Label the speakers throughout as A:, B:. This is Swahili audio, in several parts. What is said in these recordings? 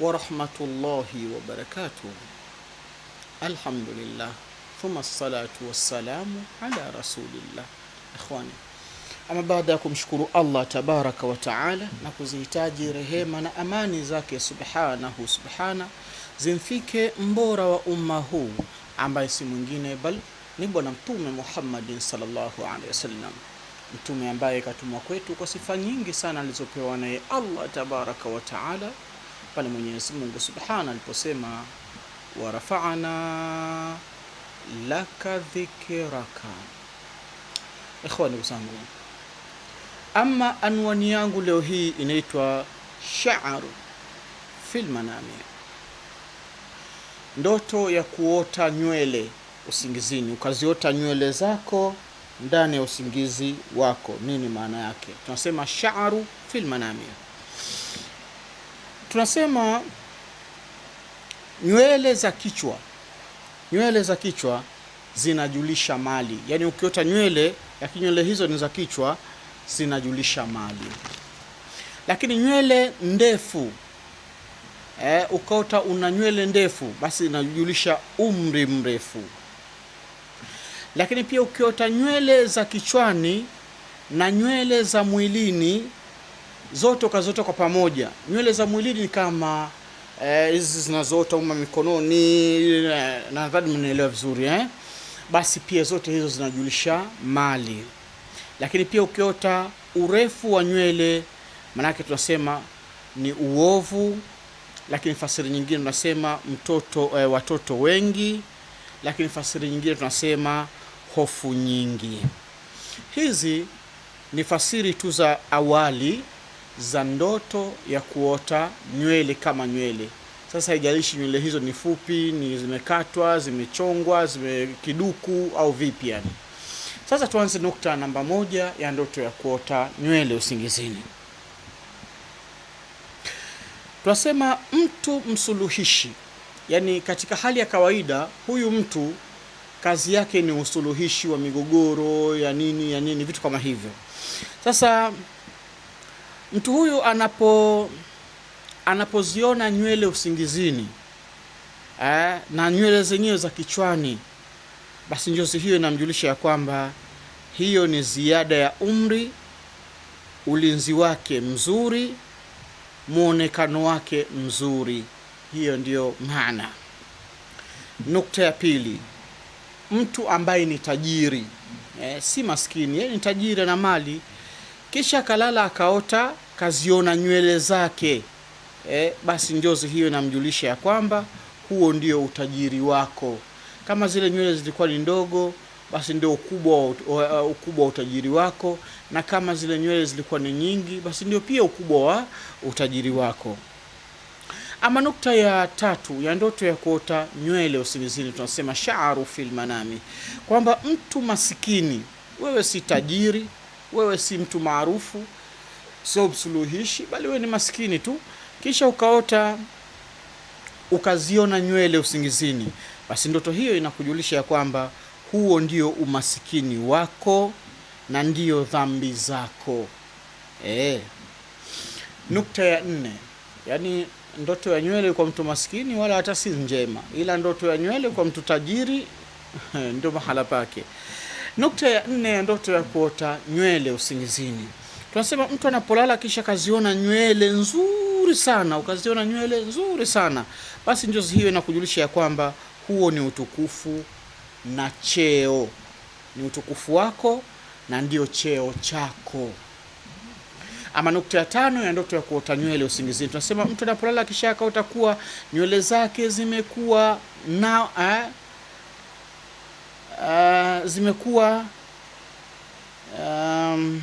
A: wa rahmatullahi wa barakatuh. Alhamdulillah thumma salatu wassalamu ala rasulillah. Ikhwani, ama baada ya kumshukuru Allah tabaraka wa taala na kuzihitaji rehema na amani zake subhanahu subhana zimfike mbora wa umma huu ambaye si mwingine bal ni Bwana Mtume Muhammadin sallallahu alaihi wasallam, mtume ambaye katumwa kwetu kwa sifa nyingi sana alizopewa naye Allah tabaraka wa taala pale Mwenyezi Mungu Subhana aliposema wa rafa'na laka dhikraka. Ikhwani, zangu, ama anwani yangu leo hii inaitwa sha'ru fil manami, ndoto ya kuota nywele usingizini, ukaziota nywele zako ndani ya usingizi wako. Nini maana yake? Tunasema sha'ru fil manami tunasema nywele za kichwa, nywele za kichwa zinajulisha mali. Yaani ukiota nywele, lakini nywele hizo ni za kichwa, zinajulisha mali. Lakini nywele ndefu eh, ukaota una nywele ndefu, basi inajulisha umri mrefu. Lakini pia ukiota nywele za kichwani na nywele za mwilini zote ukazota kwa pamoja. Nywele za mwilini ni kama eh, hizi e, zinazoota uma mikononi, eh, nadhani mnaelewa vizuri eh? Basi pia zote hizo zinajulisha mali, lakini pia ukiota urefu wa nywele, maanake tunasema ni uovu, lakini fasiri nyingine tunasema mtoto e, watoto wengi, lakini fasiri nyingine tunasema hofu nyingi. Hizi ni fasiri tu za awali za ndoto ya kuota nywele kama nywele. Sasa haijalishi nywele hizo ni fupi, ni zimekatwa, zimechongwa, zimekiduku au vipi yani. Sasa tuanze nukta namba moja ya ndoto ya kuota nywele usingizini. tuasema mtu msuluhishi, yani katika hali ya kawaida huyu mtu kazi yake ni usuluhishi wa migogoro ya nini ya nini, vitu kama hivyo. Sasa Mtu huyu anapo anapoziona nywele usingizini eh, na nywele zenyewe za kichwani, basi njozi hiyo inamjulisha ya kwamba hiyo ni ziada ya umri, ulinzi wake mzuri, mwonekano wake mzuri. Hiyo ndiyo maana. Nukta ya pili, mtu ambaye ni tajiri eh, si maskini, yeye ni tajiri na mali, kisha akalala akaota kaziona nywele zake eh, basi njozi hiyo inamjulisha ya kwamba huo ndio utajiri wako. Kama zile nywele zilikuwa ni ndogo, basi ndio ukubwa ukubwa wa utajiri wako, na kama zile nywele zilikuwa ni nyingi, basi ndio pia ukubwa wa utajiri wako. Ama nukta ya tatu ya ndoto ya kuota nywele usingizini, tunasema sha'ru fil manami, kwamba mtu masikini, wewe si tajiri, wewe si mtu maarufu sio msuluhishi, bali wewe ni maskini tu, kisha ukaota ukaziona nywele usingizini, basi ndoto hiyo inakujulisha ya kwamba huo ndio umasikini wako na ndiyo dhambi zako e. Nukta ya nne, yani ndoto ya nywele kwa mtu maskini wala hata si njema, ila ndoto ya nywele kwa mtu tajiri ndio mahala pake. Nukta ya nne ya ndoto ya kuota nywele usingizini tunasema mtu anapolala kisha kaziona nywele nzuri sana, ukaziona nywele nzuri sana, basi njozi hiyo inakujulisha ya kwamba huo ni utukufu na cheo, ni utukufu wako na ndio cheo chako. Ama nukta ya tano ya ndoto ya kuota nywele usingizini, tunasema mtu anapolala kisha akaota kuwa nywele zake zimekuwa na eh, uh, zimekuwa um,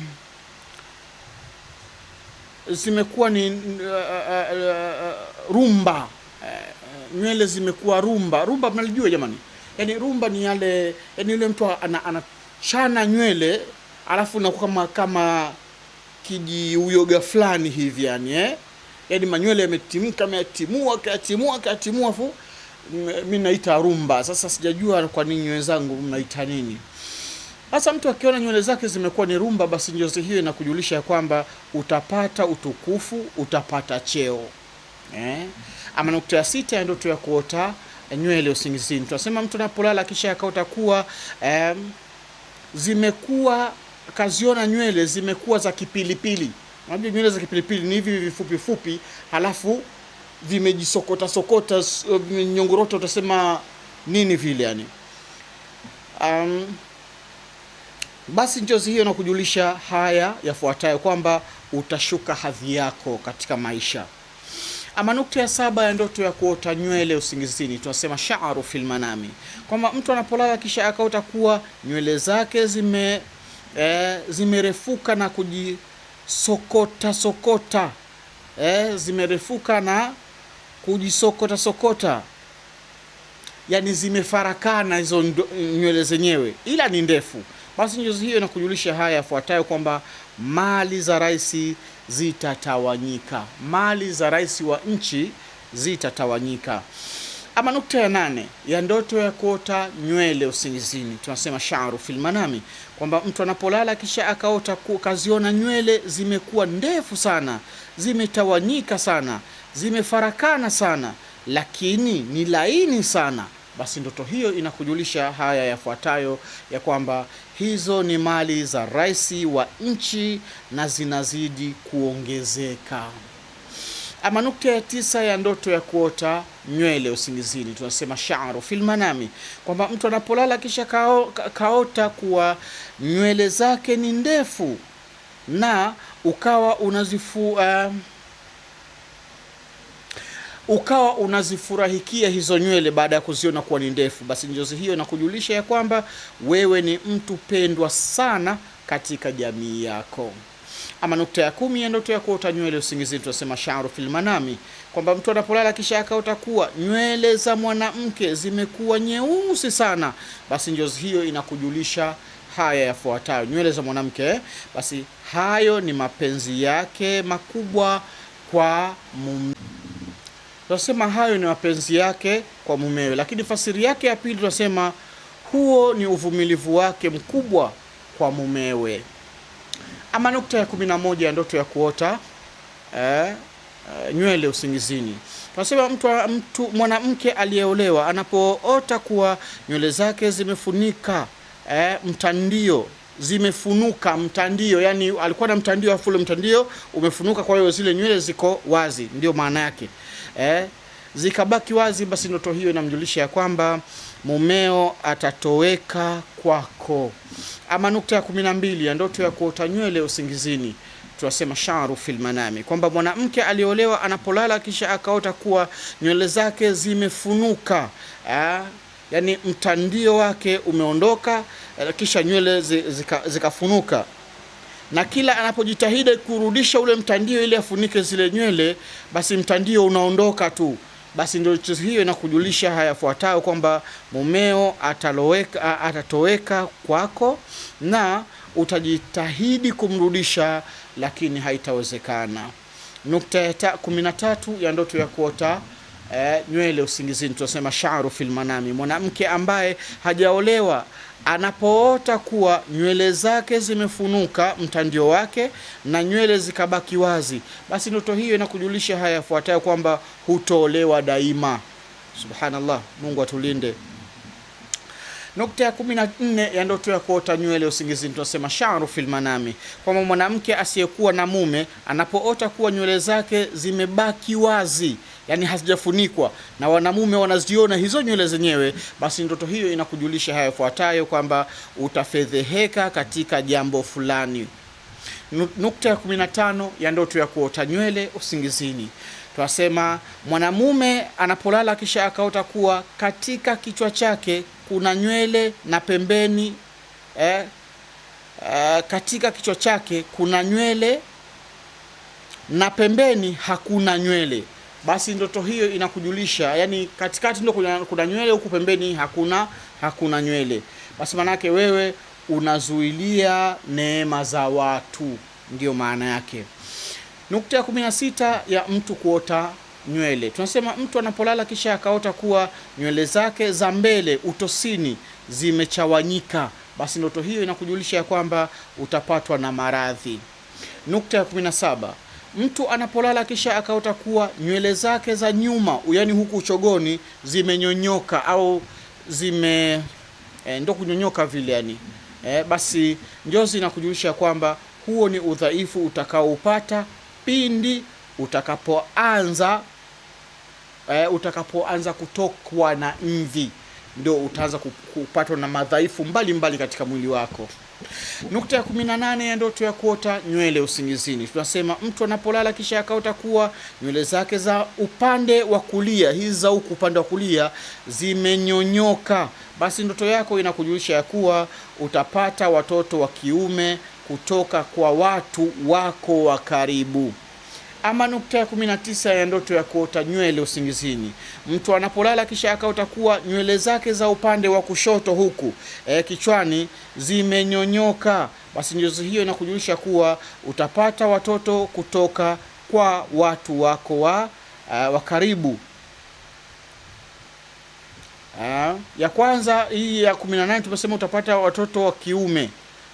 A: zimekuwa ni uh, uh, uh rumba uh, nywele zimekuwa rumba. Rumba mnalijua jamani? Yani rumba ni yale, yani yule mtu anachana ana nywele alafu na kama kama kijiuyoga fulani hivi yani eh? Yani manywele yametimka, yametimua kayatimua kayatimua, fu mimi mm, naita rumba. Sasa sijajua kwa nini nywele zangu mnaita nini? Hasa mtu akiona nywele zake zimekuwa ni rumba, basi njozi hiyo inakujulisha ya kwamba utapata utukufu, utapata cheo eh? Ama nukta ya sita ya ndoto ya kuota nywele usingizini, tunasema mtu anapolala kisha akaota kuwa eh, zimekuwa kaziona nywele zimekuwa za kipilipili. Unajua nywele za kipilipili ni hivi vifupi fupi, halafu vimejisokota sokota, vimenyongorota, utasema nini vile yani um, basi njozi hiyo na kujulisha haya yafuatayo kwamba utashuka hadhi yako katika maisha. Ama nukta ya saba ya ndoto ya kuota nywele usingizini, tunasema sha'ru fil manami, kwamba mtu anapolala kisha akaota kuwa nywele zake zime e, zimerefuka na kujisokota sokota e, zimerefuka na kujisokota sokota, yani zimefarakana hizo nywele zenyewe, ila ni ndefu basi njozi hiyo inakujulisha haya yafuatayo kwamba mali za rais zitatawanyika, mali za rais wa nchi zitatawanyika. Ama nukta ya nane ya ndoto ya kuota nywele usingizini, tunasema sharu filmanami, kwamba mtu anapolala kisha akaota kaziona nywele zimekuwa ndefu sana, zimetawanyika sana, zimefarakana sana, lakini ni laini sana basi ndoto hiyo inakujulisha haya yafuatayo ya kwamba hizo ni mali za rais wa nchi na zinazidi kuongezeka. Ama nukta ya tisa ya ndoto ya kuota nywele usingizini, tunasema sha'ru fil manami, kwamba mtu anapolala kisha kao, kaota kuwa nywele zake ni ndefu na ukawa unazifu uh, ukawa unazifurahikia hizo nywele baada ya kuziona kuwa ni ndefu, basi njozi hiyo inakujulisha ya kwamba wewe ni mtu pendwa sana katika jamii yako. Ama nukta ya kumi ya ndoto ya kuota nywele usingizini, tunasema sharu fil manami, kwamba mtu anapolala kisha akaota kuwa nywele za mwanamke zimekuwa nyeusi sana, basi njozi hiyo inakujulisha haya yafuatayo. Nywele za mwanamke, basi hayo ni mapenzi yake makubwa kwa mume. Tunasema hayo ni mapenzi yake kwa mumewe, lakini fasiri yake ya pili tunasema huo ni uvumilivu wake mkubwa kwa mumewe. Ama nukta ya kumi na moja ya ndoto ya kuota eh, eh nywele usingizini, tunasema mtu, mtu mwanamke aliyeolewa anapoota kuwa nywele zake zimefunika eh, mtandio zimefunuka mtandio, yani alikuwa na mtandio afu mtandio umefunuka, kwa hiyo zile nywele ziko wazi, ndio maana yake eh, zikabaki wazi, basi ndoto hiyo inamjulisha ya kwamba mumeo atatoweka kwako. Ama nukta ya kumi na mbili ya ndoto ya kuota nywele usingizini tunasema sharu fil manami, kwamba mwanamke aliolewa anapolala kisha akaota kuwa nywele zake zimefunuka eh? yani mtandio wake umeondoka, eh, kisha nywele zikafunuka zika na kila anapojitahidi kurudisha ule mtandio ili afunike zile nywele, basi mtandio unaondoka tu. Basi ndio hiyo inakujulisha hayafuatayo kwamba mumeo ataloweka, atatoweka kwako na utajitahidi kumrudisha, lakini haitawezekana. Nukta ya kumi na tatu ya ndoto ya kuota eh, nywele usingizini, tunasema sharu fil manami. Mwanamke ambaye hajaolewa anapoota kuwa nywele zake zimefunuka mtandio wake na nywele zikabaki wazi, basi ndoto hiyo inakujulisha haya yafuatayo kwamba hutoolewa daima. Subhanallah, Mungu atulinde. Nukta ya kumi na nne ya ndoto ya kuota nywele usingizini tunasema sharu fil manami, kwamba mwanamke asiyekuwa na mume anapoota kuwa nywele zake zimebaki wazi yani hazijafunikwa na wanamume wanaziona hizo nywele zenyewe, basi ndoto hiyo inakujulisha haya yafuatayo kwamba utafedheheka katika jambo fulani. Nukta ya 15 ya ndoto ya kuota nywele usingizini, twasema mwanamume anapolala kisha akaota kuwa katika kichwa chake kuna nywele na pembeni eh, eh, katika kichwa chake kuna nywele na pembeni hakuna nywele basi ndoto hiyo inakujulisha, yani katikati ndo kuna, nywele huku pembeni hakuna hakuna nywele, basi maanake wewe unazuilia neema za watu, ndio maana yake. Nukta ya kumi na sita ya mtu kuota nywele, tunasema mtu anapolala kisha akaota kuwa nywele zake za mbele utosini zimechawanyika, basi ndoto hiyo inakujulisha ya kwamba utapatwa na maradhi. Nukta ya kumi na saba mtu anapolala kisha akaota kuwa nywele zake za nyuma, yaani huku uchogoni, zimenyonyoka au zime e, eh, ndo kunyonyoka vile yani e, basi njozi na kujulisha kwamba huo ni udhaifu utakaoupata pindi utakapoanza e, utakapoanza kutokwa na mvi, ndio utaanza kupatwa na madhaifu mbalimbali mbali katika mwili wako. Nukta ya kumi na nane ya ndoto ya kuota nywele usingizini, tunasema mtu anapolala kisha akaota kuwa nywele zake za upande wa kulia, hizi za huku upande wa kulia zimenyonyoka, basi ndoto yako inakujulisha ya kuwa utapata watoto wa kiume kutoka kwa watu wako wa karibu. Ama nukta ya 19 ya ndoto ya kuota nywele usingizini, mtu anapolala kisha akaota kuwa nywele zake za upande wa kushoto huku e, kichwani zimenyonyoka, basi njozi hiyo inakujulisha kuwa utapata watoto kutoka kwa watu wako wa uh, wa karibu. Uh, ya kwanza hii ya 18 tumesema utapata watoto wa kiume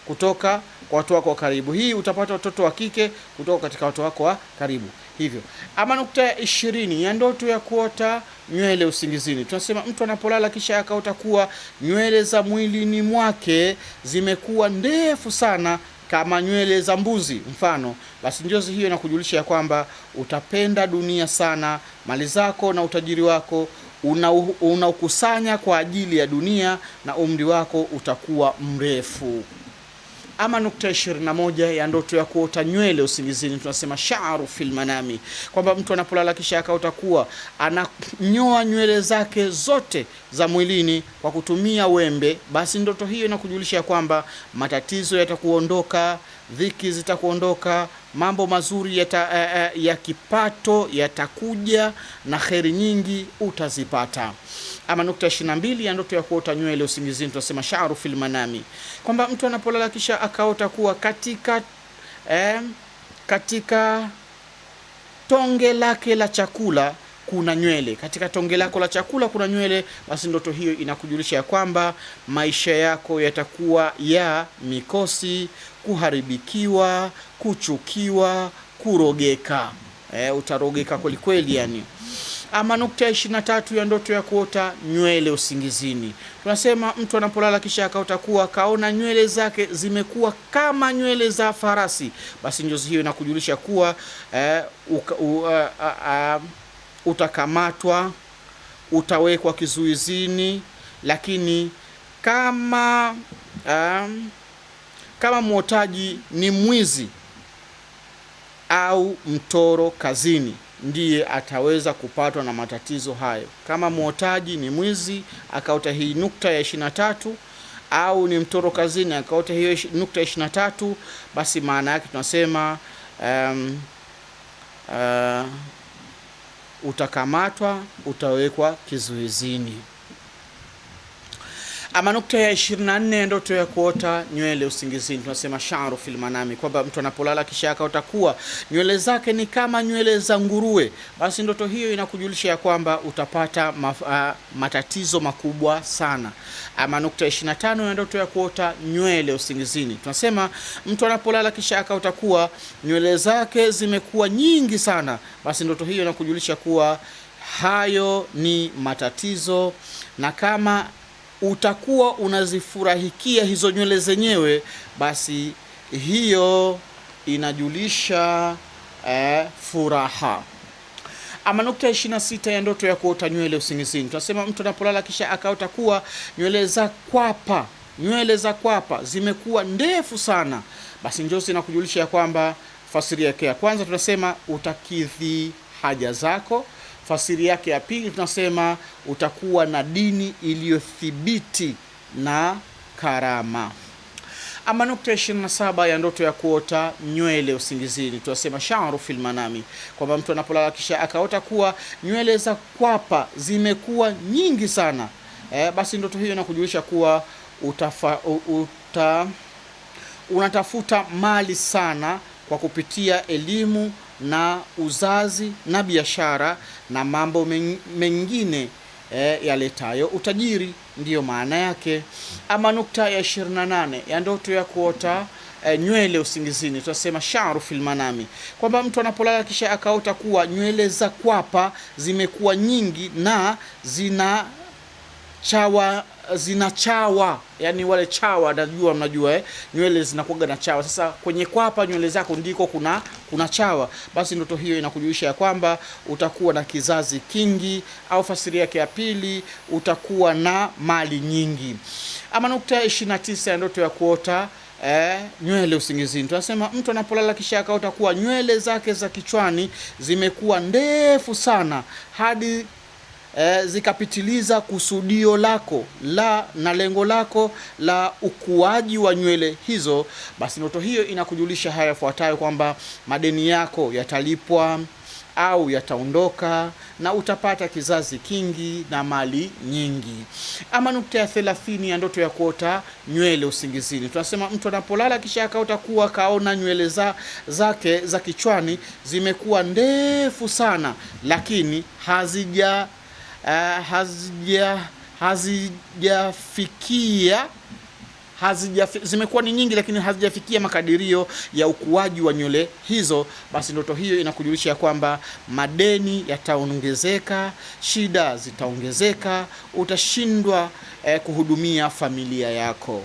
A: kutoka kwa watu wako wa karibu. Hii utapata watoto wa kike kutoka katika watu wako wa karibu. Hivyo ama nukta ya ishirini ya ndoto ya kuota nywele usingizini, tunasema mtu anapolala kisha akaota kuwa nywele za mwilini mwake zimekuwa ndefu sana kama nywele za mbuzi mfano, basi njozi hiyo inakujulisha ya kwamba utapenda dunia sana. Mali zako na utajiri wako unaukusanya una kwa ajili ya dunia, na umri wako utakuwa mrefu ama nukta 21 ya ndoto ya kuota nywele usingizini, tunasema sha'ru fil manami, kwamba mtu anapolala kisha akaota kuwa ananyoa nywele zake zote za mwilini kwa kutumia wembe, basi ndoto hiyo inakujulisha kwamba matatizo yatakuondoka, dhiki zitakuondoka mambo mazuri yata, uh, uh, ya kipato yatakuja na kheri nyingi utazipata. Ama nukta 22 ya ndoto ya kuota nywele usingizini, tunasema sha'ru fil manami, kwamba mtu anapolala kisha akaota kuwa katika eh, katika tonge lake la chakula kuna nywele, katika tonge lako la chakula kuna nywele, basi ndoto hiyo inakujulisha ya kwamba maisha yako yatakuwa ya mikosi kuharibikiwa, kuchukiwa, kurogeka. E, utarogeka kwelikweli yani. Ama nukta ya ishirini na tatu ya ndoto ya kuota nywele usingizini, tunasema mtu anapolala kisha akaota kuwa akaona nywele zake zimekuwa kama nywele za farasi, basi njozi hiyo inakujulisha kuwa eh, uka, u, a, a, a, utakamatwa, utawekwa kizuizini, lakini kama um, kama mwotaji ni mwizi au mtoro kazini ndiye ataweza kupatwa na matatizo hayo. Kama mwotaji ni mwizi akaota hii nukta ya ishirini na tatu au ni mtoro kazini akaota hiyo nukta ya ishirini na tatu basi maana yake tunasema um, uh, utakamatwa, utawekwa kizuizini. Ama nukta ya 24, ndoto ya kuota nywele usingizini, tunasema sharu fil manami, kwamba mtu anapolala kisha akaota kuwa nywele zake ni kama nywele za nguruwe, basi ndoto hiyo inakujulisha ya kwamba utapata maf, uh, matatizo makubwa sana. Ama nukta ya 25 ya ndoto ya kuota nywele usingizini, tunasema mtu anapolala kisha akaota kuwa nywele zake zimekuwa nyingi sana, basi ndoto hiyo inakujulisha kuwa hayo ni matatizo, na kama utakuwa unazifurahikia hizo nywele zenyewe, basi hiyo inajulisha eh, furaha. Ama nukta ya ishirini na sita ya ndoto ya kuota nywele usingizini, tunasema mtu anapolala kisha akaota kuwa nywele za kwapa nywele za kwapa zimekuwa ndefu sana, basi njozi na kujulisha ya kwamba fasiri yake ya Kwanza tunasema utakidhi haja zako. Fasiri yake ya pili tunasema utakuwa na dini iliyothibiti na karama. Ama nukta 27 ya ndoto ya kuota nywele usingizini, tunasema sharu fil manami, kwamba mtu anapolala kisha akaota kuwa nywele za kwapa zimekuwa nyingi sana eh, basi ndoto hiyo inakujulisha kuwa utafa, uta, unatafuta mali sana kwa kupitia elimu na uzazi na biashara na mambo mengine e, yaletayo utajiri, ndiyo maana yake. Ama nukta ya 28 ya ndoto ya kuota e, nywele usingizini, tunasema sharu fil manami, kwamba mtu anapolala kisha akaota kuwa nywele za kwapa zimekuwa nyingi na zina chawa zina chawa, yani wale chawa najua, mnajua eh, nywele zinakuaga na chawa. Sasa kwenye kwapa nywele zako ndiko kuna kuna chawa, basi ndoto hiyo inakujulisha ya kwamba utakuwa na kizazi kingi, au fasiri yake ya pili, utakuwa na mali nyingi. Ama nukta 29 ya ndoto ya kuota Eh, nywele usingizini. Tunasema mtu anapolala kisha akaota kuwa nywele zake za kichwani zimekuwa ndefu sana hadi e, zikapitiliza kusudio lako la na lengo lako la ukuaji wa nywele hizo, basi ndoto hiyo inakujulisha haya yafuatayo kwamba madeni yako yatalipwa au yataondoka na utapata kizazi kingi na mali nyingi. Ama nukta ya thelathini ya ndoto ya kuota nywele usingizini, tunasema mtu anapolala kisha akaota kuwa kaona nywele za, zake za kichwani zimekuwa ndefu sana, lakini hazija Eh, hazija hazijafikia hazija, zimekuwa ni nyingi lakini hazijafikia makadirio ya ukuaji wa nywele hizo, basi ndoto hiyo inakujulisha ya kwamba madeni yataongezeka, shida zitaongezeka, utashindwa eh, kuhudumia familia yako.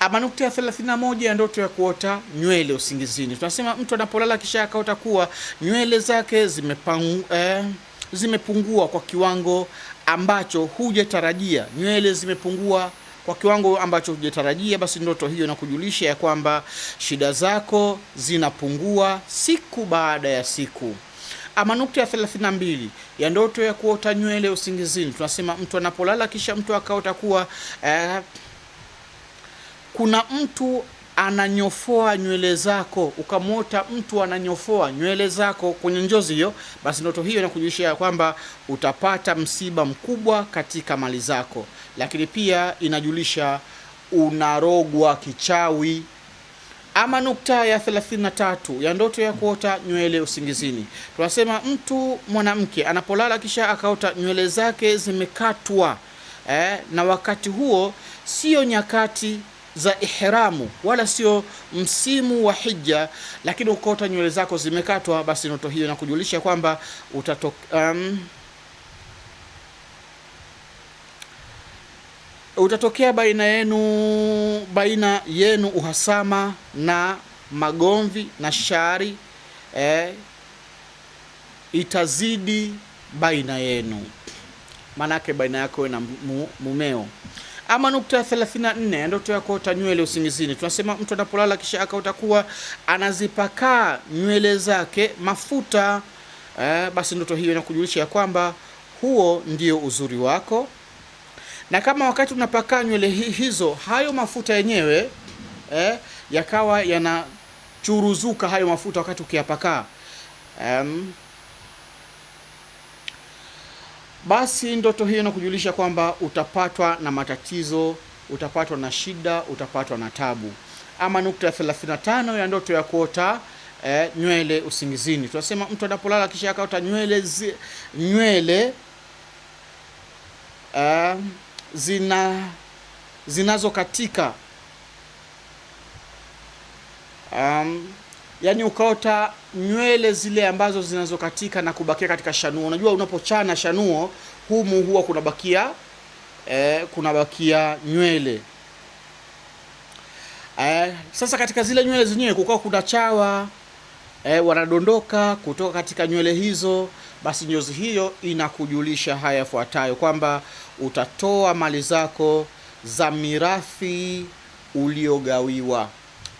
A: Ama nukta ya 31 ya ndoto ya kuota nywele usingizini, tunasema mtu anapolala kisha akaota kuwa nywele zake zimepangwa eh, zimepungua kwa kiwango ambacho hujatarajia, nywele zimepungua kwa kiwango ambacho hujatarajia, basi ndoto hiyo inakujulisha ya kwamba shida zako zinapungua siku baada ya siku. Ama nukta ya 32 ya ndoto ya kuota nywele usingizini, tunasema mtu anapolala kisha mtu akaota kuwa eh, kuna mtu ananyofoa nywele zako, ukamwota mtu ananyofoa nywele zako kwenye njozi hiyo, basi ndoto hiyo inakujulisha ya kwamba utapata msiba mkubwa katika mali zako, lakini pia inajulisha unarogwa kichawi. Ama nukta ya 33 ya ndoto ya kuota nywele usingizini, tunasema mtu mwanamke anapolala kisha akaota nywele zake zimekatwa eh, na wakati huo sio nyakati za ihramu, wala sio msimu wa hija, lakini ukota nywele zako zimekatwa, basi noto hiyo na kujulisha kwamba utatoka um, utatokea baina yenu baina yenu uhasama na magomvi na shari eh, itazidi baina yenu, maanake baina yako na mumeo. Ama nukta ya 34, ndoto ya kuota nywele usingizini. Tunasema mtu anapolala kisha akaota kuwa anazipakaa nywele zake mafuta eh, basi ndoto hiyo inakujulisha ya kwamba huo ndio uzuri wako, na kama wakati unapakaa nywele hizo hayo mafuta yenyewe eh, yakawa yanachuruzuka hayo mafuta wakati ukiyapakaa um, basi ndoto hiyo inakujulisha kwamba utapatwa na matatizo, utapatwa na shida, utapatwa na tabu. Ama nukta ya 35 ya ndoto ya kuota eh, nywele usingizini, tunasema mtu anapolala kisha akaota nywele zi, nywele eh, zina zinazokatika um, yani ukaota nywele zile ambazo zinazokatika na kubakia katika shanuo. Unajua unapochana shanuo humu huwa kunabakia eh, kunabakia nywele eh. Sasa katika zile nywele zenyewe kukawa kuna chawa eh, wanadondoka kutoka katika nywele hizo, basi njozi hiyo inakujulisha haya yafuatayo kwamba utatoa mali zako za mirathi uliogawiwa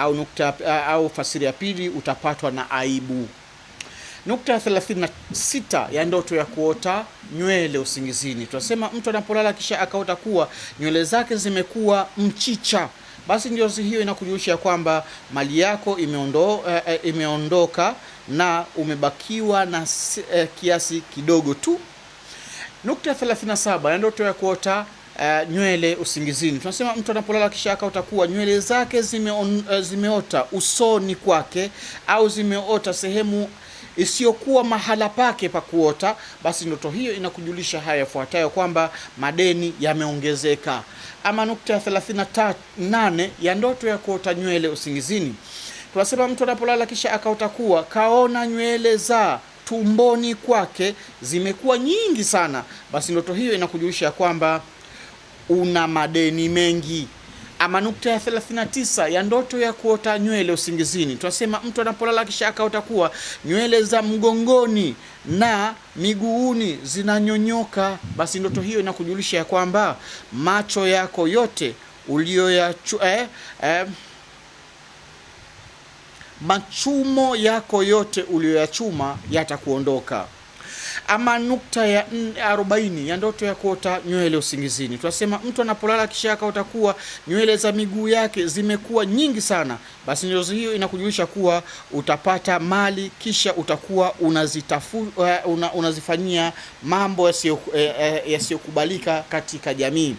A: au nukta eh, au fasiri ya pili utapatwa na aibu. Nukta ya 36 ya ndoto ya kuota nywele usingizini, tunasema mtu anapolala kisha akaota kuwa nywele zake zimekuwa mchicha, basi njozi hiyo inakujulisha kwamba mali yako imeondo, eh, imeondoka na umebakiwa na eh, kiasi kidogo tu. Nukta ya 37 ya ndoto ya kuota uh, nywele usingizini. Tunasema mtu anapolala kisha akautakuwa nywele zake zimeon, uh, eh, zimeota usoni kwake au zimeota sehemu isiyokuwa mahala pake pa kuota, basi ndoto hiyo inakujulisha haya yafuatayo kwamba madeni yameongezeka. Ama nukta ya 38 ya ndoto ya kuota nywele usingizini, tunasema mtu anapolala kisha akaota kuwa kaona nywele za tumboni kwake zimekuwa nyingi sana, basi ndoto hiyo inakujulisha kwamba una madeni mengi. Ama nukta ya 39 ya ndoto ya kuota nywele usingizini, tunasema mtu anapolala kisha akaota kuwa nywele za mgongoni na miguuni zinanyonyoka, basi ndoto hiyo inakujulisha ya kwamba macho yako yote uliyoyachua eh, eh, machumo yako yote uliyoyachuma yatakuondoka ama nukta ya 40 ya ndoto ya kuota nywele usingizini. Tunasema mtu anapolala kisha akaota kuwa nywele za miguu yake zimekuwa nyingi sana, basi ndoto hiyo inakujulisha kuwa utapata mali, kisha utakuwa unazitafu, eh, una, unazifanyia mambo yasiyokubalika eh, eh, katika jamii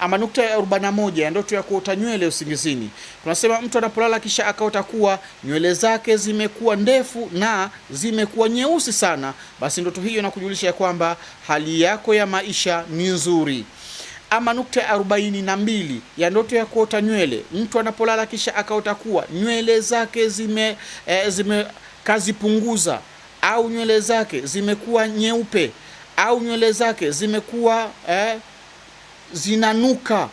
A: ama nukta ya 41 ya ndoto ya kuota nywele usingizini, tunasema mtu anapolala kisha akaota kuwa nywele zake zimekuwa ndefu na zimekuwa nyeusi sana, basi ndoto hiyo inakujulisha ya kwamba hali yako ya maisha ni nzuri ama nukta ya arobaini na mbili ya ndoto ya kuota nywele, mtu anapolala kisha akaota kuwa nywele zake zime, eh, zime au nywele zake zimekuwa nyeupe au nywele zake zimekuwa eh, zinanuka,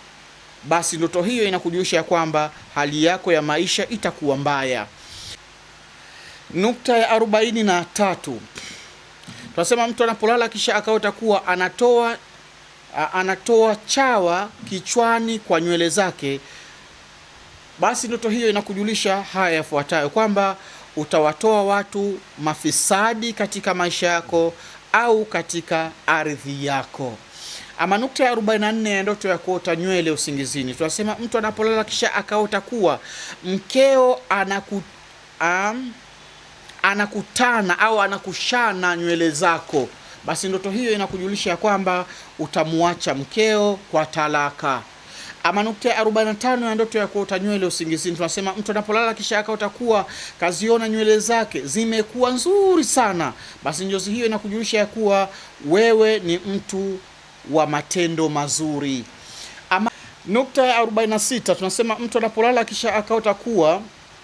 A: basi ndoto hiyo inakujulisha ya kwamba hali yako ya maisha itakuwa mbaya. Nukta ya arobaini na tatu tunasema mtu anapolala kisha akaota kuwa anatoa anatoa chawa kichwani kwa nywele zake, basi ndoto hiyo inakujulisha haya yafuatayo kwamba utawatoa watu mafisadi katika maisha yako au katika ardhi yako. Ama nukta ya 44 ya ndoto ya kuota nywele usingizini, tunasema mtu anapolala kisha akaota kuwa mkeo anaku, um, anakutana au anakushana nywele zako, basi ndoto hiyo inakujulisha ya kwamba utamuacha mkeo kwa talaka. Ama nukta ya 45 ya ndoto ya kuota nywele usingizini, tunasema mtu anapolala kisha akaota kuwa kaziona nywele zake zimekuwa nzuri sana, basi njozi hiyo inakujulisha ya kuwa wewe ni mtu wa matendo mazuri. Ama, nukta ya 46 tunasema mtu anapolala kisha akaota kuwa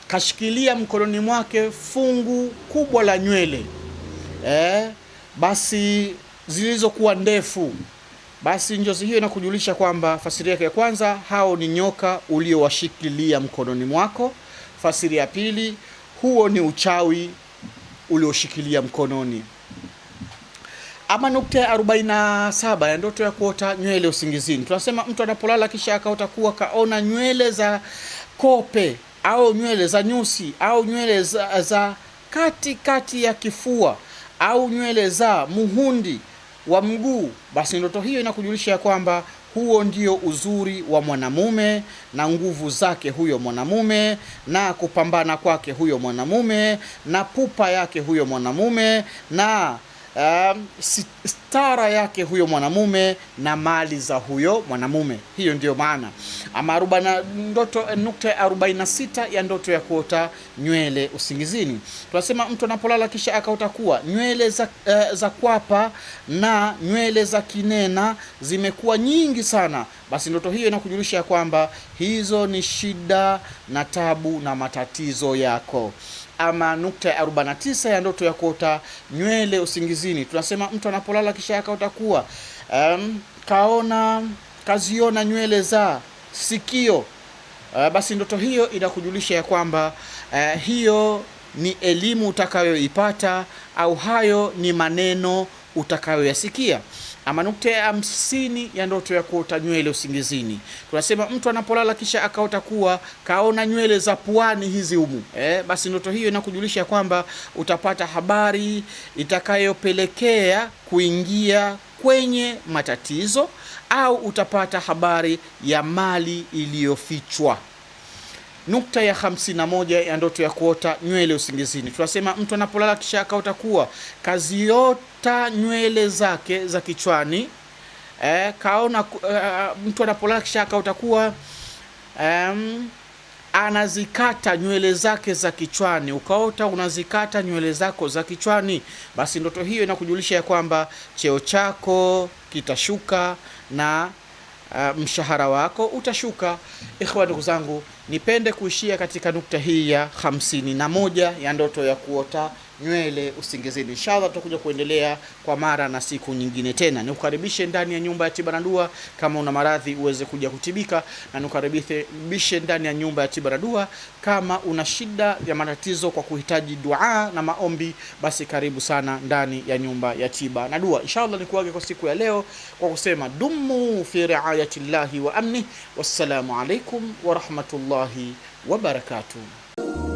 A: kashikilia mkononi mwake fungu kubwa la nywele eh, basi zilizokuwa ndefu. Basi njozi hiyo inakujulisha kwamba fasiri yake ya kwanza, hao ni nyoka uliowashikilia mkononi mwako. Fasiri ya pili, huo ni uchawi ulioshikilia mkononi. Ama nukta ya 47 ya ndoto ya kuota nywele usingizini, tunasema mtu anapolala kisha akaota kuwa kaona nywele za kope au nywele za nyusi au nywele za, za kati kati ya kifua au nywele za muhundi wa mguu, basi ndoto hiyo inakujulisha ya kwamba huo ndio uzuri wa mwanamume na nguvu zake huyo mwanamume na kupambana kwake huyo mwanamume na pupa yake huyo mwanamume na um, stara yake huyo mwanamume na mali za huyo mwanamume. Hiyo ndiyo maana ama arubana, ndoto eh, nukta ya 46 ya ndoto ya kuota nywele usingizini, tunasema mtu anapolala kisha akaota kuwa nywele za, uh, za kwapa na nywele za kinena zimekuwa nyingi sana, basi ndoto hiyo inakujulisha ya kwamba hizo ni shida na tabu na matatizo yako ama nukta ya 49 ya ndoto ya kuota nywele usingizini. Tunasema mtu anapolala kisha akaota kuwa um, kaona kaziona nywele za sikio uh, basi ndoto hiyo inakujulisha ya kwamba uh, hiyo ni elimu utakayoipata au hayo ni maneno utakayoyasikia ama nukta ya hamsini ya ndoto ya kuota nywele usingizini. Tunasema mtu anapolala kisha akaota kuwa kaona nywele za puani hizi humu eh, basi ndoto hiyo inakujulisha kwamba utapata habari itakayopelekea kuingia kwenye matatizo au utapata habari ya mali iliyofichwa. Nukta ya 51 na moja ya ndoto ya kuota nywele usingizini, tunasema mtu anapolala kisha akaota kuwa kaziota nywele zake za kichwani eh, kaona uh, mtu anapolala kisha akaota kuwa um, anazikata nywele zake za kichwani, ukaota unazikata nywele zako za kichwani, basi ndoto hiyo inakujulisha ya kwamba cheo chako kitashuka na uh, mshahara wako utashuka. Ikhwa, ndugu zangu Nipende kuishia katika nukta hii ya hamsini na moja ya ndoto ya kuota nywele usingizini. Inshallah tutakuja kuendelea kwa mara na siku nyingine tena. Nikukaribishe ndani ya nyumba ya tiba na dua, kama una maradhi uweze kuja kutibika, na nikukaribishe ndani ya nyumba ya tiba na dua, kama una shida ya matatizo kwa kuhitaji dua na maombi, basi karibu sana ndani ya nyumba ya tiba na dua. Inshallah nikuage kwa siku ya leo kwa kusema dumu fi riayatillahi wa amni. Wassalamu alaikum wa rahmatullah warahmatullahi wabarakatuh.